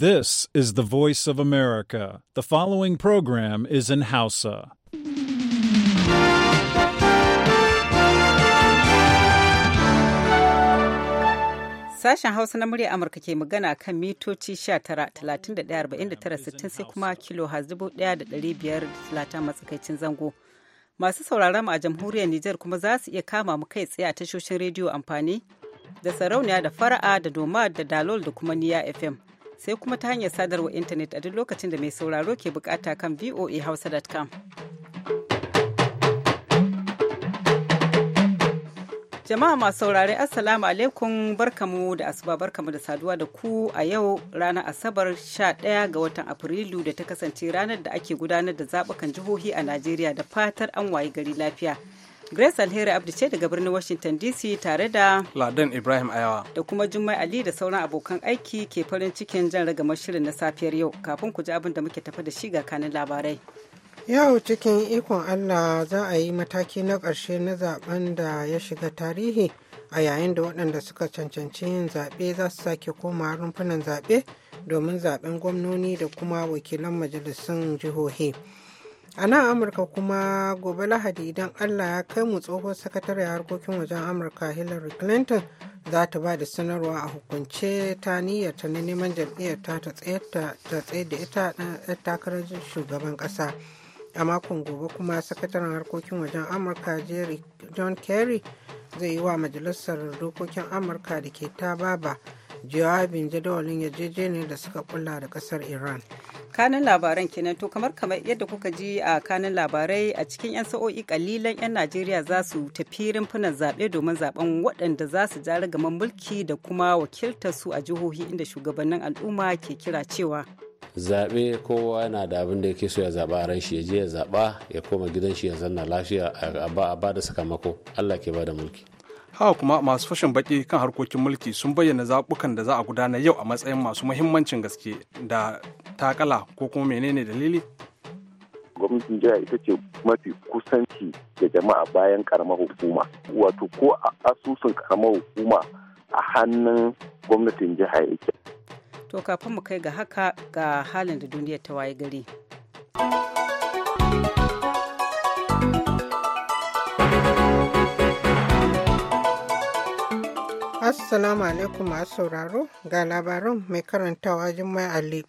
This is the voice of America. The following program is in Hausa. Sashen Hausa na murya Amurka ke magana kan mitoci 19,31,49,60 sai kuma kilo talata matsakaicin zango. Masu sauraron mu a jamhuriyar Nijar kuma za su iya kama mu kai tsaye a tashoshin rediyo amfani da sarauniya da fara'a da doma da dalol da kuma niya FM. sai kuma ta hanyar sadarwa intanet a duk lokacin da mai sauraro ke bukata kan voahausa.com. Jama'a masu saurare Assalamu alaikum barkamu da asuba barkamu da saduwa da ku a yau ranar Asabar 11 ga watan Afrilu da ta kasance ranar da ake gudanar da zabukan jihohi a Najeriya da fatar an wayi gari lafiya. Grace Alheri Abdi ce daga birnin Washington DC tare da Ladan Ibrahim Ayawa da kuma Jummai Ali da sauran abokan aiki ke farin cikin jan ragamar shirin na safiyar yau kafin ku ji abin da muke tafi da shi ga kanin labarai. Yau cikin ikon Allah za a yi mataki na ƙarshe na zaben da ya shiga tarihi a yayin da waɗanda suka cancanci yin zaɓe za su sake koma rumfunan zaɓe domin zaɓen gwamnoni da kuma wakilan majalisun jihohi. a nan amurka kuma gobe lahadi idan allah ya kai mu tsohon sakatare harkokin wajen amurka hillary clinton za ta ba da sanarwa a hukunce ta niyyarta na neman jam'iyyar ta tsaye da ita ɗan takarar shugaban ƙasa a makon gobe kuma sakataren harkokin wajen amurka jerry john kerry zai yi wa majalisar dokokin amurka da ke ta baba jawabin jadawalin yarjejeniyar da suka kulla da kasar iran kanin labaran kenan to kamar kamar yadda kuka ji a kanin labarai a cikin 'yan sa'o'i kalilan 'yan najeriya za su tafi rumfunan zaɓe domin zaɓen waɗanda za su ja gama mulki da kuma wakiltar su a jihohi inda shugabannin al'umma ke kira cewa zaɓe kowa yana da abin da yake so ya zaɓa a ran shi ya je ya zaɓa ya koma gidan shi ya zanna lafiya a ba da sakamako allah ke ba da mulki haka kuma masu fashin baki kan harkokin mulki sun bayyana zaɓukan da za a gudana yau a matsayin masu muhimmancin gaske da takala ko kuma menene dalili gwamnatin jiha ita ce mafi kusanci da jama'a bayan karamar hukuma wato ko a asusun karamar hukuma a hannun gwamnatin jiha yake to kafin mu kai ga haka ga halin da duniyar ta waye gari Assalamu alaikum masu sauraro ga labarin mai karantawa Jummai Ali.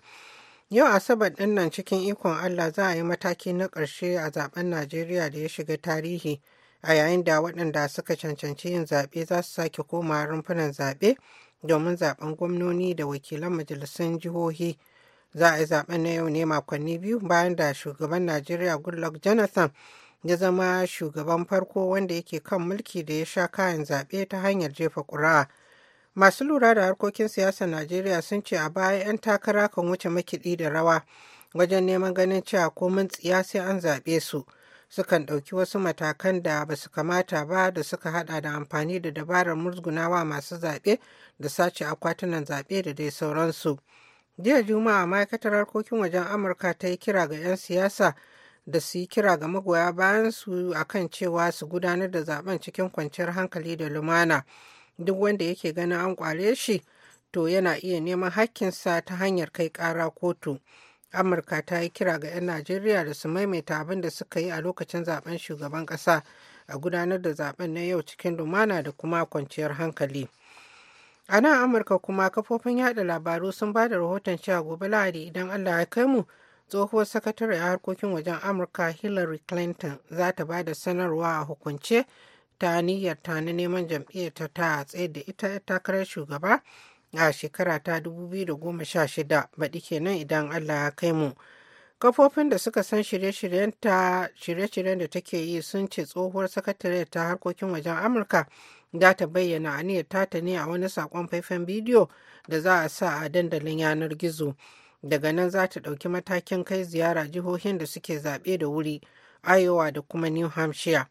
Yau Asabar din nan cikin ikon Allah za a yi mataki na ƙarshe a zaben Najeriya da ya shiga tarihi a yayin da waɗanda suka cancanci yin zaɓe za su sake koma rumfunan zaɓe domin zaben gwamnoni da wakilan majalisun jihohi. Za a yi zaben na yau ne makonni biyu bayan da shugaban Najeriya Goodluck Jonathan ya zama shugaban farko wanda yake kan mulki da ya sha kayan zaɓe ta hanyar jefa ƙuri'a. Masu lura da harkokin siyasar Najeriya sun ce a baya 'yan takara kan wuce makiɗi da rawa wajen neman ganin cewa komin tsiya sai an zaɓe su. Sukan ɗauki wasu matakan da ba su kamata ba da suka haɗa da amfani da dabarar murzgunawa masu zaɓe da sace akwatunan zaɓe da dai sauransu. Jiya Juma'a ma'aikatar harkokin wajen Amurka ta yi kira ga 'yan siyasa da su yi kira ga magoya bayan su kan cewa su gudanar da zaben cikin kwanciyar hankali da lumana duk wanda yake ganin an kware shi to yana iya neman hakkinsa ta hanyar kai kara kotu amurka ta yi kira ga 'yan najeriya da su maimaita abin da suka yi a lokacin zaben shugaban kasa a gudanar da zaben na yau cikin lumana da kuma kwanciyar hankali a nan amurka kuma kafofin yada labaru sun ba da rahoton cewa gobe lahadi idan allah ya kai mu tsohuwar sakatare a harkokin wajen amurka hillary clinton za ta ba da sanarwa a hukunce ta niyyar ta na neman jam'iyyarta ta tsaye da ita takarar shugaba a shekara ta 2016 baɗi kenan idan allah ya kai mu kafofin da suka san shirye-shiryen da take yi sun ce tsohuwar sakatare ta harkokin wajen amurka za ta bayyana aniyar ta ne a wani saƙon faifan bidiyo da za a sa a dandalin yanar gizo. daga nan za ta ɗauki matakin kai ziyara jihohin da suke zaɓe da wuri iowa da kuma new hampshire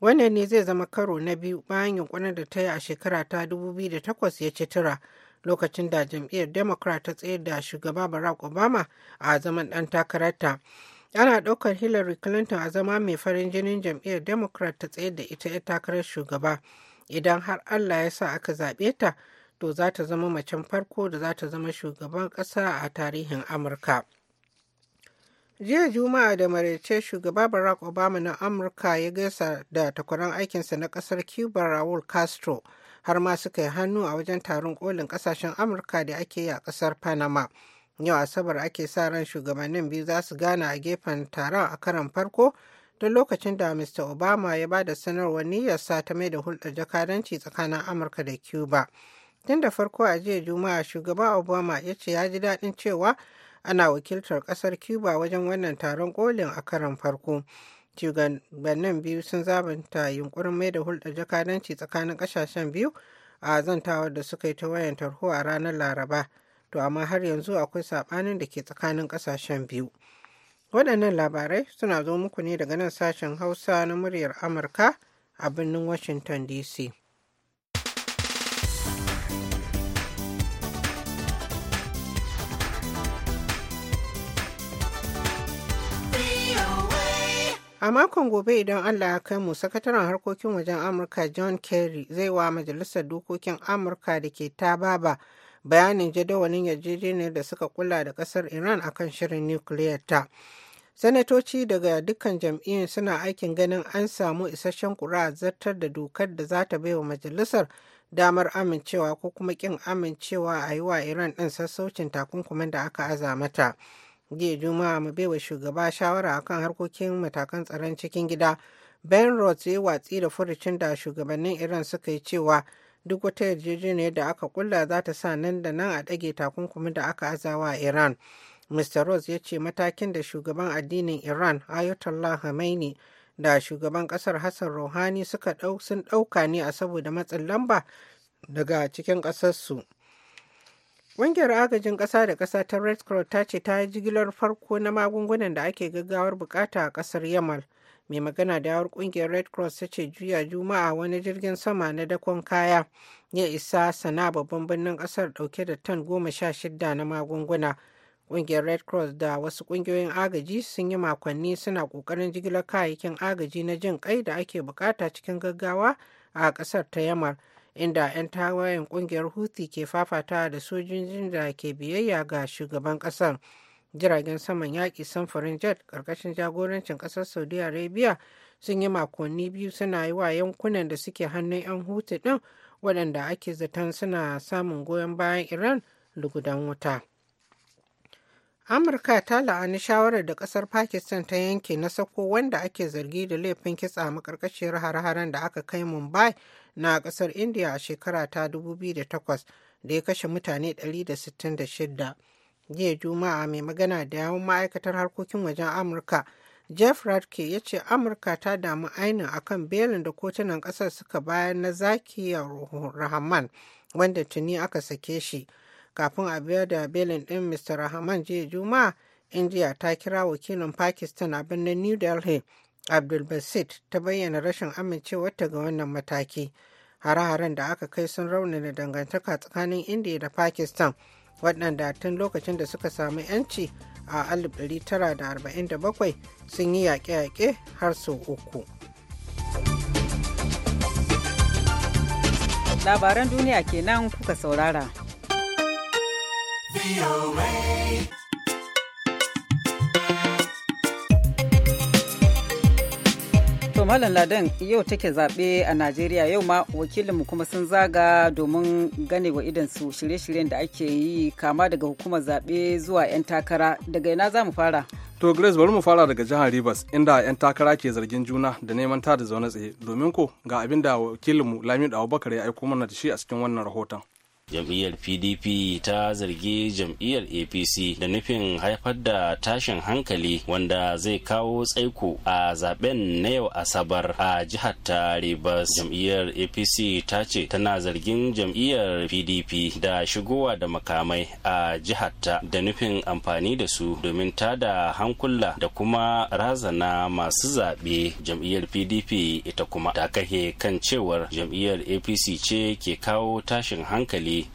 wannan ne zai zama karo na biyu bayan yunkurin da ta yi a shekara ta 2008 ya ci tura lokacin da jam'iyyar democrat ta tsayar da shugaba barack obama a zaman ɗan takararta ana ɗaukar hillary clinton a zama mai farin jinin jam'iyyar democrat ta tsayar da ita ya takarar shugaba idan har allah ya sa aka zaɓe ta to za ta zama macen farko da za ta zama shugaban ƙasa a tarihin amurka jiya juma'a da maraice shugaba barack obama na amurka ya gaisa da takwaran aikinsa na ƙasar cuba raul castro har ma suka yi hannu a wajen taron kolin ƙasashen amurka da ake yi a ƙasar panama yau asabar ake sa ran shugabannin biyu za su gana a gefen taron a karon farko don lokacin da mr obama ya ba da sanarwar niyyarsa ta mai da hulɗar jakadanci tsakanin amurka da cuba tun da farko a jiya juma'a shugaba obama ya ce ya ji daɗin cewa ana wakiltar ƙasar cuba wajen wannan taron kolin a karon farko shugabannin biyu sun zabanta yunkurin mai da hulɗar jakadanci tsakanin ƙasashen biyu a zantawar da suka yi ta wayan tarho a ranar laraba to amma har yanzu akwai saɓanin da ke tsakanin ƙasashen biyu waɗannan labarai suna zo muku ne daga nan sashen hausa na muryar amurka a birnin washington dc A makon gobe idan Allah ya kai mu sakataren harkokin wajen Amurka John Kerry zai wa Majalisar Dokokin Amurka da ke ta baba bayanin jadawalin yarjejeniyar da suka kula da kasar Iran akan shirin nukiliyar ta. Sanatoci daga dukkan jam'iyyun suna aikin ganin an samu isasshen kura zartar da dokar da za ta baiwa majalisar damar amincewa ko kuma kin amincewa a yi wa Iran ɗin sassaucin takunkumin da aka aza mata. jiya juma'a mu baiwa shugaba shawara a kan harkokin matakan tsaron cikin gida ben roth ya watsi da furucin da shugabannin iran suka yi cewa duk wata yarjejeniyar da aka kulla za ta sa nan da nan a ɗage takunkumin da aka azawa iran mr roth ya ce matakin da shugaban addinin iran ayatollah hamaini da shugaban ƙasar hassan rouhani suka sun ɗauka ne a saboda matsin lamba daga cikin ƙasarsu Ƙungiyar agajin ƙasa da ƙasa ta Red Cross ta ce ta yi jigilar farko na magungunan da ake gaggawar bukata a ƙasar Yamal. Mai magana da yawar ƙungiyar Red Cross ta ce juya Juma'a wani jirgin sama na dakon kaya ya isa sana babban birnin ƙasar ɗauke da tan goma sha shida na magunguna. Ƙungiyar Red Cross da wasu ƙungiyoyin agaji sun yi makonni suna ƙoƙarin jigilar kayayyakin agaji na jin ƙai da ake bukata cikin gaggawa a ƙasar ta Yamal. inda 'yan tawayen kungiyar huti ke fafata da sojojin da ke biyayya ga shugaban kasar. Jiragen saman yaƙi samfurin jet ƙarƙashin jagorancin ƙasar Saudi Arabia sun yi makonni biyu suna yi wa yankunan da suke hannun 'yan Houthi ɗin waɗanda ake zaton suna samun goyon bayan Iran lugudan wuta. Amurka ta la'ani shawarar da ƙasar Pakistan ta yanke na sako wanda ake zargi da laifin kitsa makarkashiyar har-haren da aka kai Mumbai na kasar india a shekara ta 2008 da ya kashe mutane 166 jiya juma'a mai magana da yawon ma'aikatar harkokin wajen amurka jeff radke ya ce amurka ta damu ainin akan belin da kotunan kasar suka bayar na zaki rahman wanda tuni aka sake shi kafin a biyar da belin din mr rahman jiya juma'a india ta kira wakilin pakistan a birnin new delhi abdulbasit ta bayyana rashin amincewarta ga wannan mataki hare-haren da aka kai sun raunana dangantaka tsakanin india da pakistan waɗanda tun lokacin da suka samu 'yanci a 1947 sun yi yaƙe-yaƙe har sau uku labaran duniya kenan kuka saurara. Malam Ladan yau take zaɓe a Najeriya yau ma wakilinmu kuma sun zaga domin gane wa su shirye-shiryen da ake yi kama daga hukumar zaɓe zuwa 'yan takara daga ina za mu fara. To Grace bari mu fara daga jihar Rivers inda 'yan takara ke zargin juna da neman tada zaune tsaye domin ko ga abin da wakilinmu Lamidu Abubakar ya aiko mana da shi a cikin wannan rahoton. jam'iyyar pdp ta zargi jam'iyyar apc da nufin haifar da tashin hankali wanda zai kawo tsaiko a zaben na yau asabar a jihar ta ribas jam'iyyar apc ta ce tana zargin jam'iyyar pdp da shigowa da makamai a jihar ta da nufin amfani da su domin tada hankula da kuma razana masu zaɓe jam'iyyar pdp ita kuma ta kahe kan cewar jam'iyyar apc ce ke kawo tashin hankali be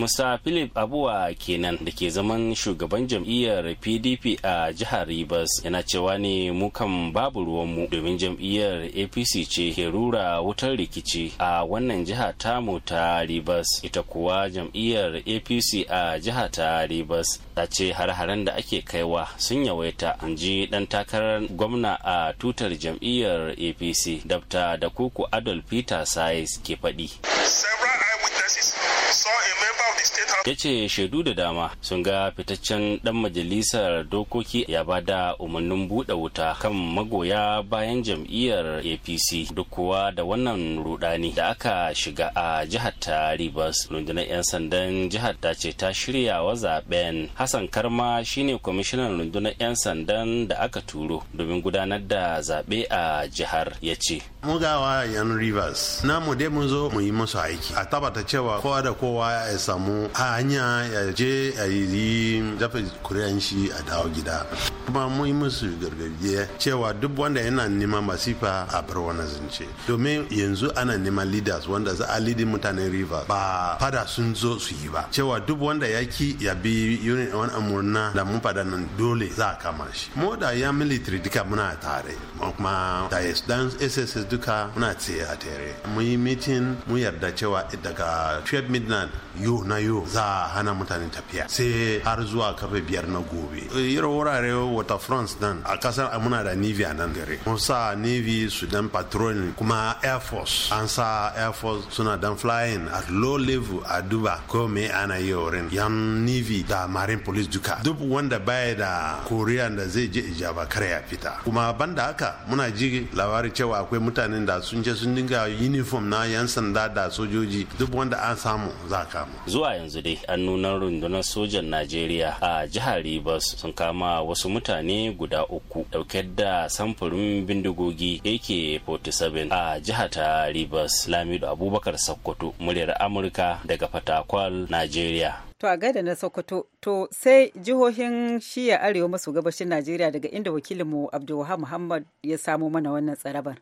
musa Philip Abuwa kenan da ke zaman shugaban jam'iyyar PDP a jihar Rivers yana cewa ne mu kan babu ruwanmu domin jam'iyyar APC ce ke rura wutar rikici a wannan jiha tamu ta Rivers ita kuwa jam'iyyar APC a jiha ta Rivers ta ce har-haren da ake kaiwa sun yawaita in ji dan takarar gwamna a tutar jam'iyyar APC Dr. Dakuku Adolf Peter Sayes ke faɗi. ya ce shaidu da dama sun ga fitaccen dan majalisar dokoki ya ba da umarnin buɗe wuta kan magoya bayan jam'iyyar apc duk kuwa da wannan rudani da aka shiga a jihar ta rivers rundunar 'yan sandan jihar ta ce ta shirya wa zaben hassan karma shine kwamishinan rundunar 'yan sandan da aka turo domin gudanar da zaɓe a jihar ya ce mugawa yan rivers namu dai mun zo mu yi musu aiki a tabbata cewa kowa da kowa ya samu samu hanya ya je a yi dafa kuri'an shi a dawo gida kuma mun yi musu gargajiya cewa duk wanda yana neman masifa a bar wani zance domin yanzu ana neman leaders wanda za a lidi mutanen river ba fada sun zo su yi ba cewa duk wanda ya ki ya bi unit wani amurna da mun fada nan dole za a kama shi mu da ya military duka muna tare kuma da dan sss duka muna tsaye a tare mun yi meeting mun yarda cewa daga 12 midnight yau na y'o za a hana mutane tafiya sai har zuwa karfe biyar na gobe irin wurare wata france nan a kasar muna da navy a nan gare mun sa navy sudan dan kuma air force an sa air force suna dan flying at low level a duba ko me ana yi wurin yan navy da marine police duka duk wanda baya da korea da zai je ijaba kare ya fita kuma banda haka muna ji labarin cewa akwai mutanen da sun je sun dinga uniform na yan sanda da sojoji duk wanda an samu za kama zuwa ba yanzu dai an nuna rundunar sojan najeriya a jihar rivers sun kama wasu mutane guda uku dauke da samfurin bindigogi ak-47 a jihar ta rivers lamido abubakar sokoto muryar amurka daga fatakwal najeriya to a gaida na sokoto to sai jihohin shiya arewa maso gabashin najeriya daga inda wakilinmu abdulwahab muhammad ya samo mana wannan tsarabar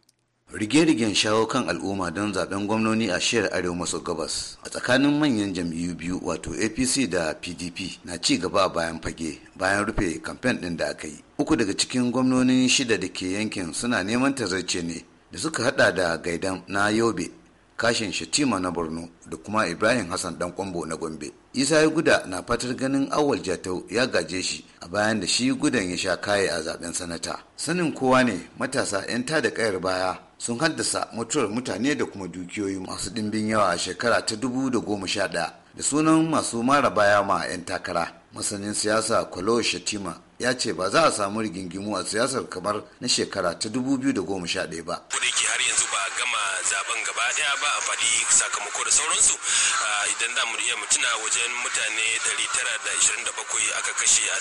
rige-rigen shawo kan al'umma don zaben gwamnoni a shiyar arewa maso gabas a tsakanin manyan jam'iyyu biyu wato apc da pdp na ci gaba bayan fage bayan rufe kamfen ɗin da aka yi uku daga cikin gwamnonin shida da ke yankin suna neman tazarce ne da suka hada da gaidan na yobe kashin shatima na borno da kuma ibrahim hassan dan kwambo na gombe isa ya guda na fatar ganin awal jatau ya gaje shi a bayan da shi gudan ya sha kaye a zaben sanata sanin kowa ne matasa 'yan tada kayar baya sun haddasa mutuwar mutane da kuma dukiyoyi masu ɗimbin yawa a shekara ta 2011 da sunan masu mara baya ma 'yan takara masanin siyasa kwalo shatima ya ce ba za a samu rigingimu a siyasar kamar na shekara ta 2011 ba har yanzu ba gama zaben gaba daya ba a faɗi sakamako da sauransu idan da mu iya mutuna wajen mutane 927 aka kashe a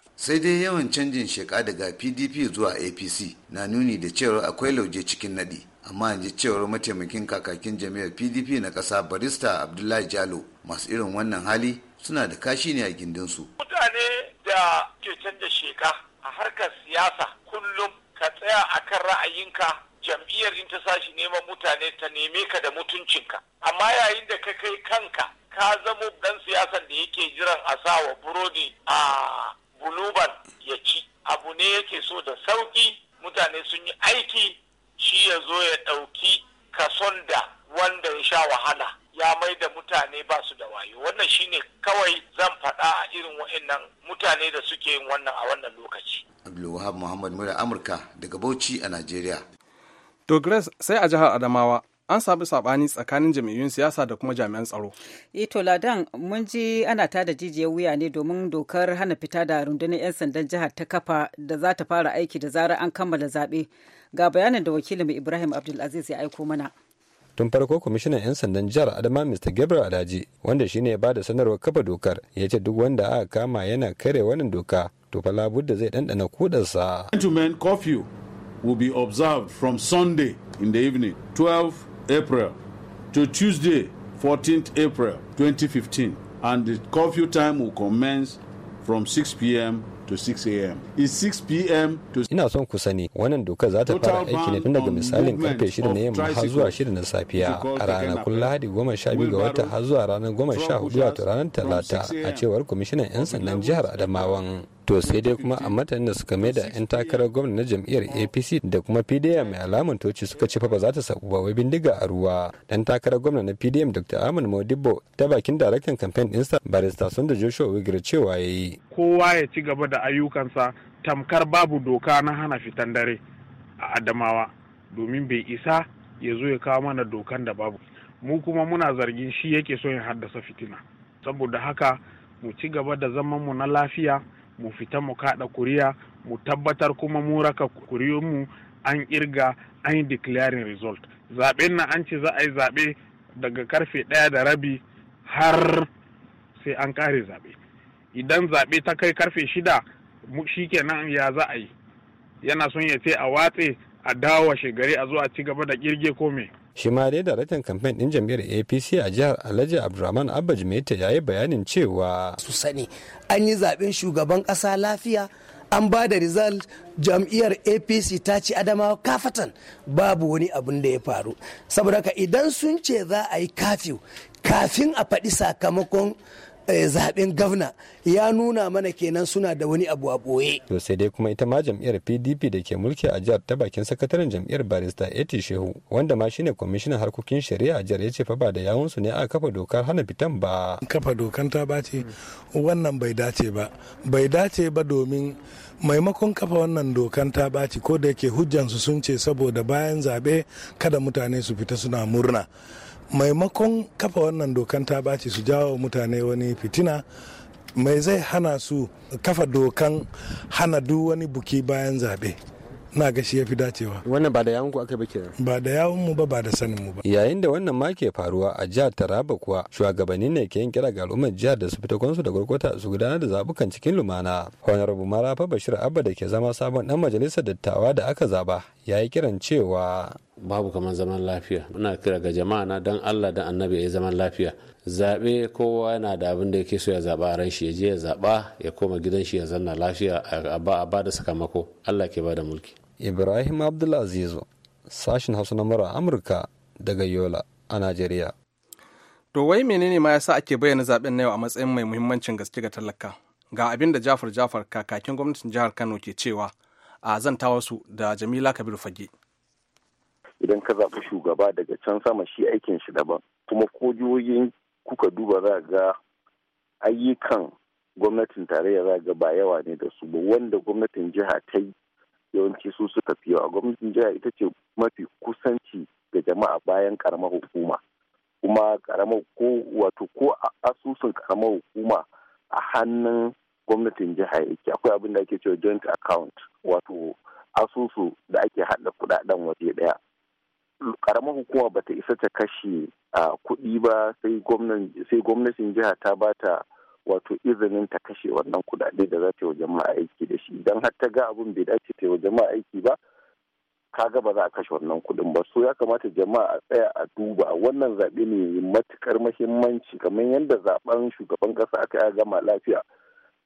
2011 sai dai yawan canjin sheka daga pdp zuwa apc na nuni da cewar akwai lauje cikin nadi amma ji cewar mataimakin kakakin jami'ar pdp na ƙasa barista abdullahi jalo masu irin wannan hali suna da kashi ne a gindinsu mutane da ke canza sheka a harkar siyasa kullum ka tsaya a kan ra'ayinka jam'iyyar in ta sashi neman mutane ta neme ka da mutuncinka amma yayin da ka kai kanka ka zamo dan siyasan da yake jiran a sawa burodi a guluban ya ci abu ne yake so da sauki mutane sun yi aiki shi ya zo ya ɗauki kason da wanda ya sha wahala ya mai da mutane ba su da wayo wannan shine kawai zan faɗa a irin wa'annan mutane da suke yin wannan a wannan lokaci. Abdulwahab Muhammad Mura Amurka daga Bauchi a Najeriya. To Grace sai a jihar Adamawa an sami sabani tsakanin jami'un siyasa da kuma jami'an tsaro. Ito e, Ladan mun ji ana tada jijiyar wuya ne domin dokar hana fita da rundunar 'yan sandan jihar ta kafa da za ta fara aiki da zarar an kammala zaɓe. Ga bayanin da wakilin Ibrahim Abdulaziz ya aiko mana. tun farko kwamishinan 'yan sandan jihar adama mr gabriel alhaji wanda shine ya bada sanarwar kafa dokar ya ce duk wanda aka kama yana kare wannan doka to fa labudda zai ɗanɗana kudansa. gentlemen curfew will be observed from sunday in the evening 12 April to Tuesday, 14th April 2015, and the curfew time will commence from 6 p.m. to 6 a.m. Is 6 p.m. to Ina son ku sani wannan dokar za ta fara aiki ne tun daga misalin karfe 6 na yamma har zuwa 6 na safiya a ranakun Lahadi 12 ga wata har zuwa ranar 14 wato ranar Talata a cewar kwamishinan 'yan sandan jihar Adamawan. to sai dai kuma a matanin da suka mai da 'yan takarar gwamna na jam'iyyar apc da kuma pdm mai alamun toci suka ce fa ba za ta sabu ba wai bindiga a ruwa dan takarar gwamna na pdm dr ahmad modibo ta bakin daraktan kamfen ɗinsa barista sun da joshua wigar cewa ya yi kowa ya ci gaba da ayyukansa tamkar babu doka na hana fitan dare a adamawa domin bai isa ya zo ya kawo mana dokan da babu mu kuma muna zargin shi yake so ya haddasa fitina saboda haka mu ci gaba da zamanmu na lafiya mu fita mu kaɗa kuriya mu tabbatar kuma mu raka mu an irga an yi declaring result zaɓen na an ce za a yi zaɓe daga karfe ɗaya da rabi har sai an kare zaɓe idan zaɓe ta kai karfe shida shi kenan ya za a yi yana son ya ce a watse a dawo gari a zo a ci gaba da kirge ko me shi ma dai daraktan kamfen din jam'iyyar apc a jihar alhaji abdulrahman abba jimeta ya yi bayanin cewa su sani an yi zaɓen shugaban ƙasa lafiya an ba da result jam'iyyar apc ta ci adamawa kafatan babu wani abun da ya faru saboda ka idan sun ce za a yi kafin a faɗi sakamakon Eh, zaben gavna ya nuna mana kenan suna da wani abu a boye. To sai dai kuma ita ma jam'iyyar PDP da ke mulki a jihar ta bakin sakataren jam'iyyar barista Eti Shehu wanda ma shine kwamishinan harkokin shari'a a jihar ya ce fa ba da yawun su ne a kafa dokar hana fitan ba. Kafa dokan ta bace wannan bai dace ba. Bai dace ba domin maimakon kafa wannan dokan ta bace ko da yake hujjansu sun ce saboda bayan zaɓe kada mutane su fita suna murna. maimakon kafa wannan dokan ta baci su jawo mutane wani fitina mai zai hana su kafa dokan hana duk wani buki bayan zaɓe na ga shi ya fi dacewa wannan ba da yawon ku aka bake ba da yawon mu ba ba da sanin mu ba yayin da wannan ma ke faruwa a jihar taraba kuwa shugabanni ne ke yin kira ga al'ummar jihar da su fita kansu da gurgurta su gudanar da zabukan cikin lumana honorable marafa bashir abba da ke zama sabon dan majalisar dattawa da aka zaba ya yi kiran cewa babu kamar zaman lafiya muna kira ga jama'a na dan allah da annabi ya zaman lafiya zaɓe kowa yana da abin da yake so ya zaɓa a ran shi ya je ya zaɓa ya koma gidan shi ya zanna lafiya a ba da sakamako allah ke ba da mulki ibrahim abdulaziz sashin hausa na mara amurka daga yola a najeriya to wai menene ma yasa ake bayyana zaɓen na yau a matsayin mai muhimmancin gaske ga talaka ga abin da jafar jafar kakakin gwamnatin jihar kano ke cewa a wasu da jamila kabir fage idan ka zaɓi shugaba daga can sama shi aikin shi daban kuma ko kuka duba za ga ayyukan gwamnatin tarayya za ga ba yawa ne da su ba wanda gwamnatin jiha ta yi yawanci su suka fi yawa gwamnatin jiha ita ce mafi kusanci ga jama'a bayan karamar hukuma kuma karamar ko wato ko asusun karamar hukuma a hannun gwamnatin jiha yake akwai abin da ake cewa joint account wato asusu da ake haɗa kuɗaɗen waje ɗaya karamar hukuma bata isa ta kashe kuɗi ba sai gwamnatin jiha ta bata wato izinin ta kashe wannan kuɗaɗe da za ta yi wa jama'a aiki da shi idan har ta ga abin bai dace ta yi wa jama'a aiki ba ka ga ba za a kashe wannan kuɗin ba so ya kamata jama'a a tsaya a duba wannan zaɓe ne matukar muhimmanci kamar yadda zaɓen shugaban ƙasa aka ya gama lafiya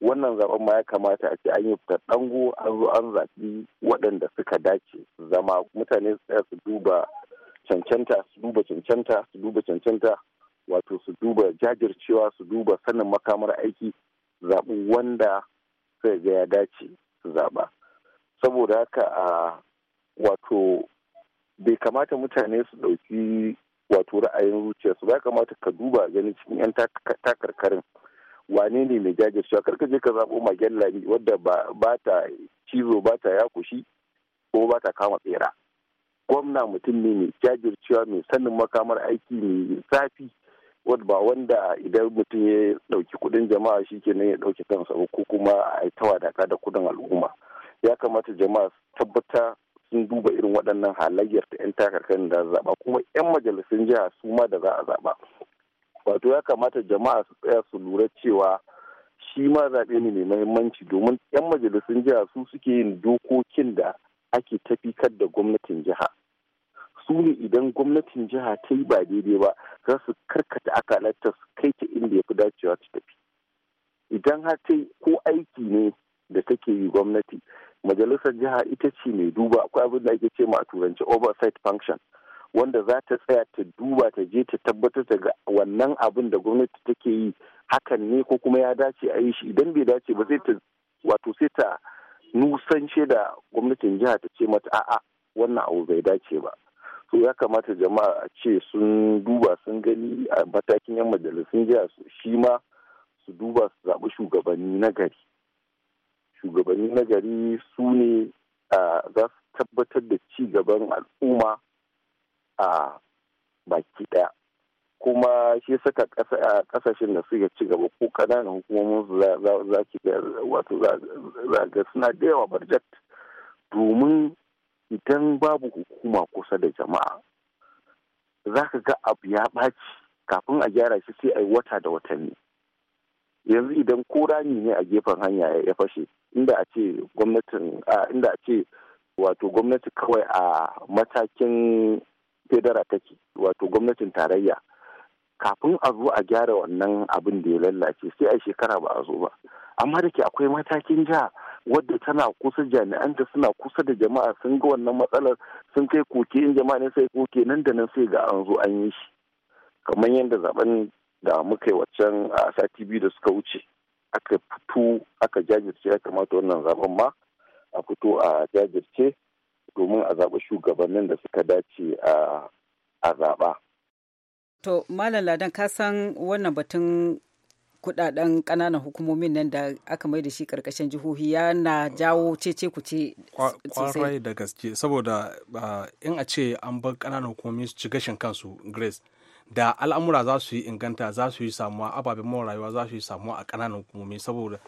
wannan zaben ma ya kamata a ce an yi ɗango an zo an zaɓi waɗanda suka dace zama mutane su tsaya su duba cancanta su duba cancanta su duba cancanta wato su duba jajircewa su duba sanin makamar aiki zaɓi wanda sai ga ya dace su zaɓa saboda haka a wato bai kamata mutane su ɗauki wato ra'ayin su ba ya kamata ka duba ganin cikin 'yan takarkarin wane ne mai jajircewa karka je ka zaɓo magen lami wadda ba ta cizo ba ta yakushi ko ba ta kama tsera gwamna mutum ne mai jajircewa mai sanin makamar aiki mai zafi wadda ba wanda idan mutum ya ɗauki kudin jama'a shi kenan ya ɗauki kansa ko kuma a ta wadaka da kudin al'umma ya kamata jama'a tabbata sun duba irin waɗannan halayyar ta 'yan takarkar da zaɓa kuma 'yan majalisun jiha su ma da za a zaɓa wato ya kamata jama'a su tsaya su lura cewa shi ma zaɓe ne mai mahimmanci domin 'yan majalisun jiha su suke yin dokokin da ake tafikar da gwamnatin jiha su ne idan gwamnatin jiha ta yi ba daidai ba za su karkata akalarta su kai ta inda ya fi dacewa ta tafi idan har ta ko aiki ne da take yi gwamnati majalisar jiha ita ce mai duba akwai abin da ake ce ma a turanci oversight function wanda za ta tsaya ta duba ta je ta tabbatar daga wannan abin da gwamnati take yi hakan ne ko kuma ya dace a yi shi idan bai dace ba sai ta wato sai ta nusance da gwamnatin jiha ta ce mata a'a wannan abu bai dace ba to ya kamata jama'a a ce sun duba sun gani a matakin yan majalisun jiha shi ma su duba su zaɓi shugabanni na gari shugabanni na gari su ne za su tabbatar da ci gaban al'umma a baki daya kuma shi saka kasashen da suke ci gaba ko kananan hukumomin za ki wato za suna da yawa barjat domin idan babu hukuma kusa da jama'a za ka ga abu ya ɓaci kafin a gyara shi sai a yi wata da watanni yanzu idan ko rami ne a gefen hanya ya fashe inda a ce gwamnatin inda a ce wato gwamnati kawai a matakin federa take wato gwamnatin tarayya kafin a zo a gyara wannan abin da ya lallace sai a shekara ba a zo ba amma da ke akwai matakin jiha wadda tana kusa jami'anta suna kusa da jama'a sun ga wannan matsalar sun kai koke in jama'a ne sai koke nan da nan sai ga an zo an yi shi kamar yadda zaben da muka yi waccan a sati biyu da suka wuce aka fito aka jajirce ya kamata wannan zaben ma a fito a jajirce domin a zaɓi shugabannin da suka dace a zaɓa. To, Malam Ladan, ka san wannan batun kudaden ƙananan hukumomin nan da aka mai da shi ƙarƙashin jihohi ya na jawo cece ce. kwarai da gaske saboda in a ce an bar ƙananan hukumomi su ci gashin kansu grace da al'amura za su yi inganta za su yi samuwa ababen rayuwa za su yi samuwa a ƙananan hukumomi saboda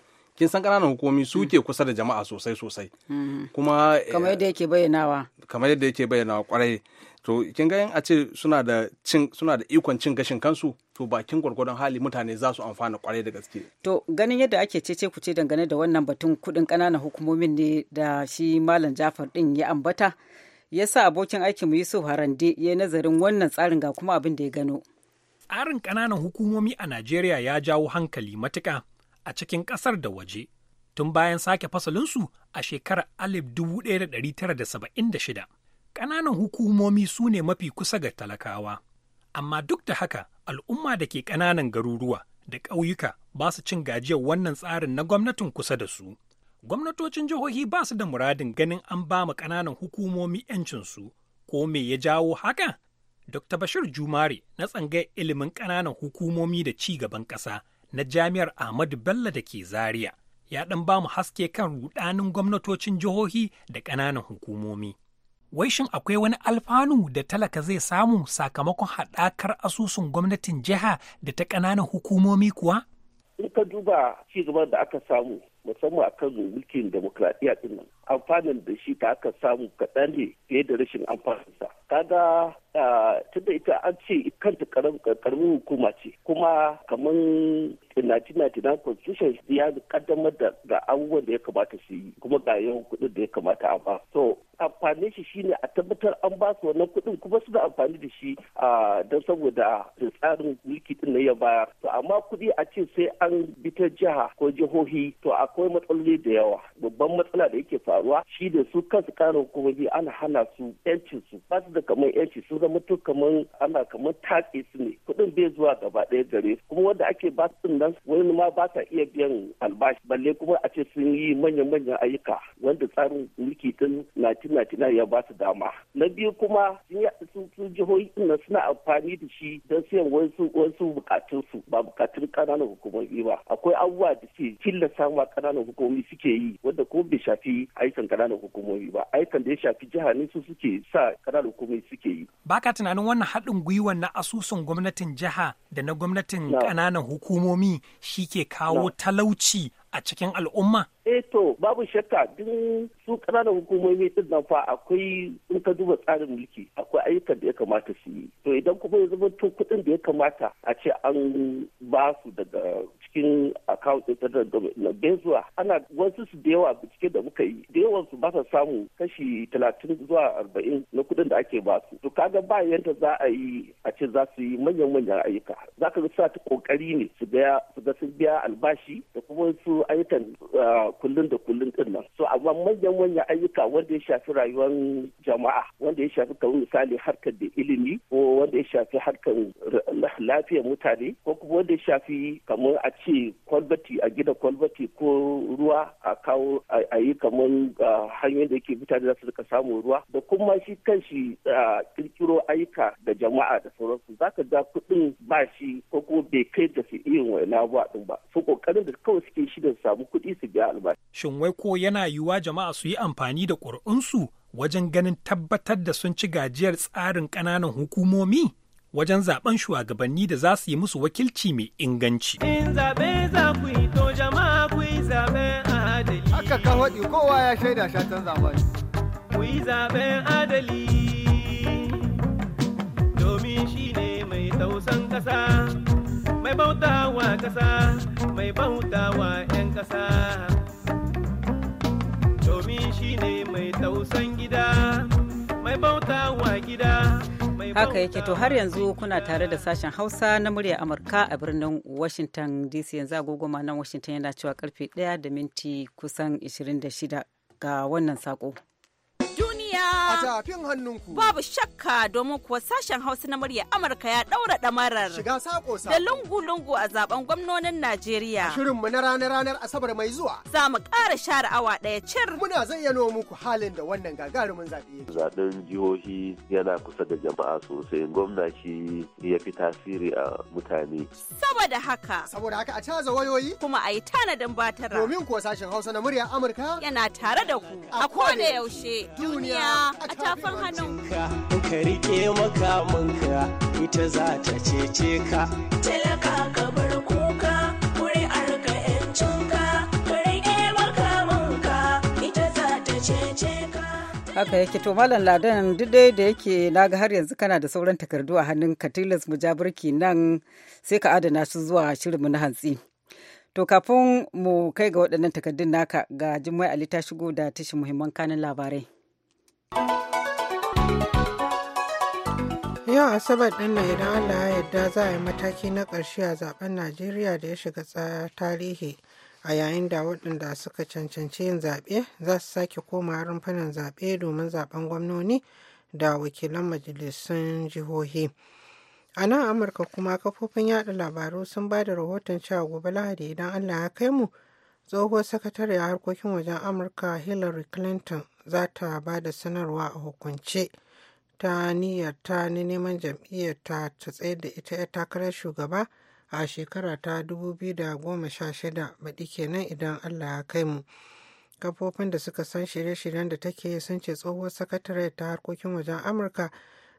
kin san ƙananan hukumi su ke kusa da jama'a sosai sosai mm-hmm. kuma kamar eh, yadda yake bayyanawa kamar yadda yake bayyanawa kwarai to kin ga a ce suna da cin suna da ikon cin gashin kansu to bakin gwargwadon hali mutane za su amfana kwarai da gaske to ganin yadda ake cece ce dangane da wannan batun kudin ƙananan hukumomin ne da shi malam Jafar din ya ambata ya sa abokin aikinmu Yusuf Harande ya nazarin wannan tsarin ga kuma abin da ya gano tsarin ƙananan hukumomi a Najeriya ya jawo hankali matuƙa a cikin ƙasar da waje tun bayan sake fasalinsu a shekarar alif dubu ɗaya da da da tara saba'in shida. Ƙananan hukumomi su ne mafi kusa ga talakawa, amma duk da haka al'umma da ke ƙananan garuruwa da ƙauyuka ba su cin gajiyar wannan tsarin na gwamnatin kusa da su. Gwamnatocin jihohi ba su da muradin ganin an ba ma ƙananan hukumomi 'yancinsu, ko me ya jawo haka? Dr. Bashir Jumare na tsangayar ilimin ƙananan hukumomi da ci gaban ƙasa na jami'ar Ahmadu Bello da ke Zaria ya ɗan ba mu haske kan rudanin gwamnatocin jihohi da ƙananan hukumomi. Wai shin akwai wani alfanu da talaka zai samu sakamakon haɗakar asusun gwamnatin jiha da ta ƙananan hukumomi kuwa? In ka duba ci gaban da aka samu musamman akan mulkin demokradiyya ɗin nan amfanin da shi da aka samu kaɗan ne fiye da rashin amfaninsa kaga tunda ita an ce kanta karamin hukuma ce kuma kamar 1999 constitution ya kaddamar da abubuwan da ya kamata su yi kuma ga yawan kuɗin da ya kamata a ba so amfanin shi shine a tabbatar an ba su wannan kuɗin kuma suna amfani da shi don saboda tsarin mulki din na ya bayar to amma kuɗi a ce sai an bi ta jiha ko jihohi to akwai matsaloli da yawa babban matsala da yake faru. faruwa shi da su kansu karin hukumomi ana hana su yancin su ba su da kamar yanci su zama to kamar ana kamar tatse su ne kuɗin bai zuwa gaba ɗaya gare su kuma wanda ake ba su nan wani ma ba ta iya biyan albashi balle kuma a ce sun yi manya-manyan ayyuka wanda tsarin mulki tun 1999 ya ba su dama na biyu kuma sun jihohi ɗin suna amfani da shi don siyan wasu wasu bukatun su ba bukatun ƙananan hukumomi ba akwai abubuwa da ke killa samun ƙananan hukumomi suke yi wanda ko bai shafi aikin kananan hukumomi ba aikin da ya shafi jiha ne su suke sa kananan hukumomi suke yi baka tunanin wannan haɗin gwiwan na asusun gwamnatin jiha da na gwamnatin kananan hukumomi shi ke kawo talauci a cikin al'umma? Eh to babu shakka duk su ƙananan hukumomi din nan fa akwai in ka duba tsarin mulki akwai ayyukan da ya kamata su yi. To idan kuma ya zama to kuɗin da ya kamata a ce an ba su daga cikin account ɗin na government zuwa. ana wasu su da yawa bincike da muka yi da yawan su ba sa samu kashi talatin zuwa arba'in na kuɗin da ake ba su. To kaga ba yadda za a yi a ce za su yi manyan-manyan ayyuka. Za ka ga sa ta ƙoƙari ne su ga sun biya albashi da kuma su ayyukan ah, kullun da kullun din nan so amma manyan manyan ayyuka wanda ya shafi rayuwar jama'a wanda ya shafi kamar misali harkar da ilimi ko wanda ya shafi harkar lafiyar mutane ko kuma wanda ya shafi kamar a ce kwalbati a gina kwalbati ko ruwa a kawo a yi kamar ah, hanyoyin da yake mutane za su rika samun ruwa da kuma shi kanshi kirkiro ah, ayyuka da jama'a da sauransu za ka ga kuɗin ba shi ko kuma bai kai da su irin wani ba su ƙoƙarin da kawai suke shi da su samu kuɗi su biya albashi. Shin wai ko yana yiwuwa jama'a su yi amfani da ƙuri'unsu wajen ganin tabbatar da sun ci gajiyar tsarin ƙananan hukumomi wajen zaben shugabanni da za su yi musu wakilci mai inganci. In zaɓe za ku yi to jama'a ku yi zaɓen adali. Haka ka kowa ya shaida shatan zaɓen. Ku yi zaɓen adali domin shi ne mai tausan ƙasa. mai bautawa kasa mai bautawa 'yan kasa domin shine mai tausan gida mai bautawa gida haka yake to har yanzu kuna tare da sashen hausa na murya amurka a birnin washington dc yanzu agogoma nan washington yana cewa karfe 1 da minti kusan 26 ga wannan sako duniya a tafin hannunku. Babu shakka domin kuwa sashen Hausa na murya Amurka ya daura damarar. Shiga sako sako. Da lungu-lungu a zaben gwamnonin Najeriya. Shirinmu na ranar-ranar Asabar mai zuwa. Za mu ƙara share awa ɗaya cir. Muna zayyano muku halin da wannan gagarumin zaɓe. Zaɓen jihohi yana kusa da jama'a sosai. Gwamna shi ya fi tasiri a mutane. Saboda haka. Saboda haka a caza wayoyi. Kuma a yi tanadin batara. Domin kuwa sashen Hausa na murya Amurka. Yana tare da ku. A kone yaushe. Duniya. a tafin Ka riƙe makamanka ita za ta cece ka. Talaka ka bar kuka kuri'ar ka ‘yancinka. Ka riƙe makamanka ita za cece ka. Haka yake to Malam Ladan duk dai da yake na ga har yanzu kana da sauran takardu a hannun ka tilas mu birki nan sai ka adana su zuwa shirinmu na hantsi. To kafin mu kai ga waɗannan takardun naka ga Jummai Ali ta shigo da tashin muhimman kanin labarai. Yau Asabar ɗin na idan Allah ya yarda za a yi mataki na ƙarshe a zaben Najeriya da ya shiga tarihi a yayin da waɗanda suka cancanci yin zaɓe za su sake koma rumfunan zaɓe domin zaɓen gwamnoni da wakilan majalisun jihohi. A nan Amurka kuma kafofin yada labaru sun ba da rahoton cewa gobe Lahadi idan Allah ya kai mu tsohuwar sakatare a harkokin wajen amurka hillary clinton za ta ba da sanarwa a hukunce ta niyyar ta neman jam'iyyarta ta tsayar da ita 'ya takarar shugaba a shekara ta 2016 baɗi kenan idan allah ya kai mu kafofin da suka san shirye-shiryen da take sun ce tsohuwar sakatare ta harkokin wajen amurka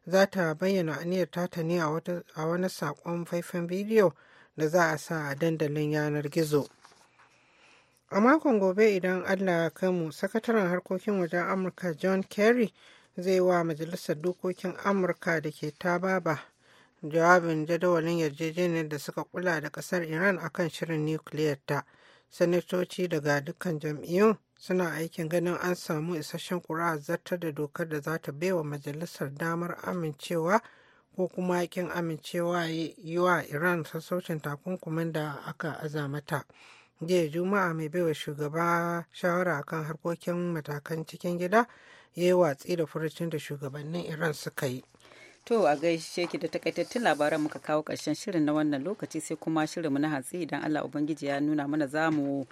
za ta bayyana aniyar tata ne a wani saƙon faifan bidiyo da za a sa a dandalin yanar gizo. A makon gobe idan Allah ya kai mu, sakataren harkokin wajen Amurka John Kerry zai wa Majalisar Dokokin Amurka da ke Tababa jawabin jadawalin yarjejeniyar da suka kula da kasar Iran akan shirin nukiliyar ta. Sanatoci daga dukkan jam'iyyun suna aikin ganin an samu isasshen kura zartar da dokar da za ta baiwa majalisar damar amincewa ko kuma yakin amincewa yi wa Iran sassaucin takunkumin da aka aza mata. jiya juma'a mai baiwa shugaba shawara kan harkokin matakan cikin gida ya yi watsi da furucin da shugabannin iran suka yi to a gaishe ki da takaitattun labaran muka kawo karshen shirin na wannan lokaci sai kuma shirinmu na hatsi idan allah ubangiji ya nuna mana za mu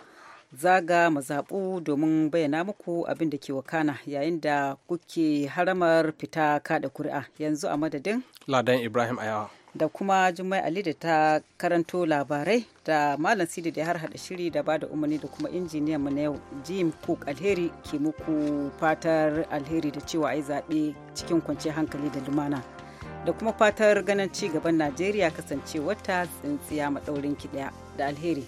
zaga mazaɓu domin bayyana muku abin da ke wakana yayin da kuke haramar fita kaɗa kuri'a yanzu a madadin ladan ibrahim ayawa da kuma jumai Ali da ta karanto labarai da Malam Sidi da har hada shiri da ba da umarni da kuma injiniyan mu na yau Jim Cook Alheri ke muku fatar alheri da cewa ai zaɓe cikin kwanciyar hankali da lumana da kuma fatar ganin ci gaban Najeriya kasancewar ta tsintsiya maɗaurin ki da alheri.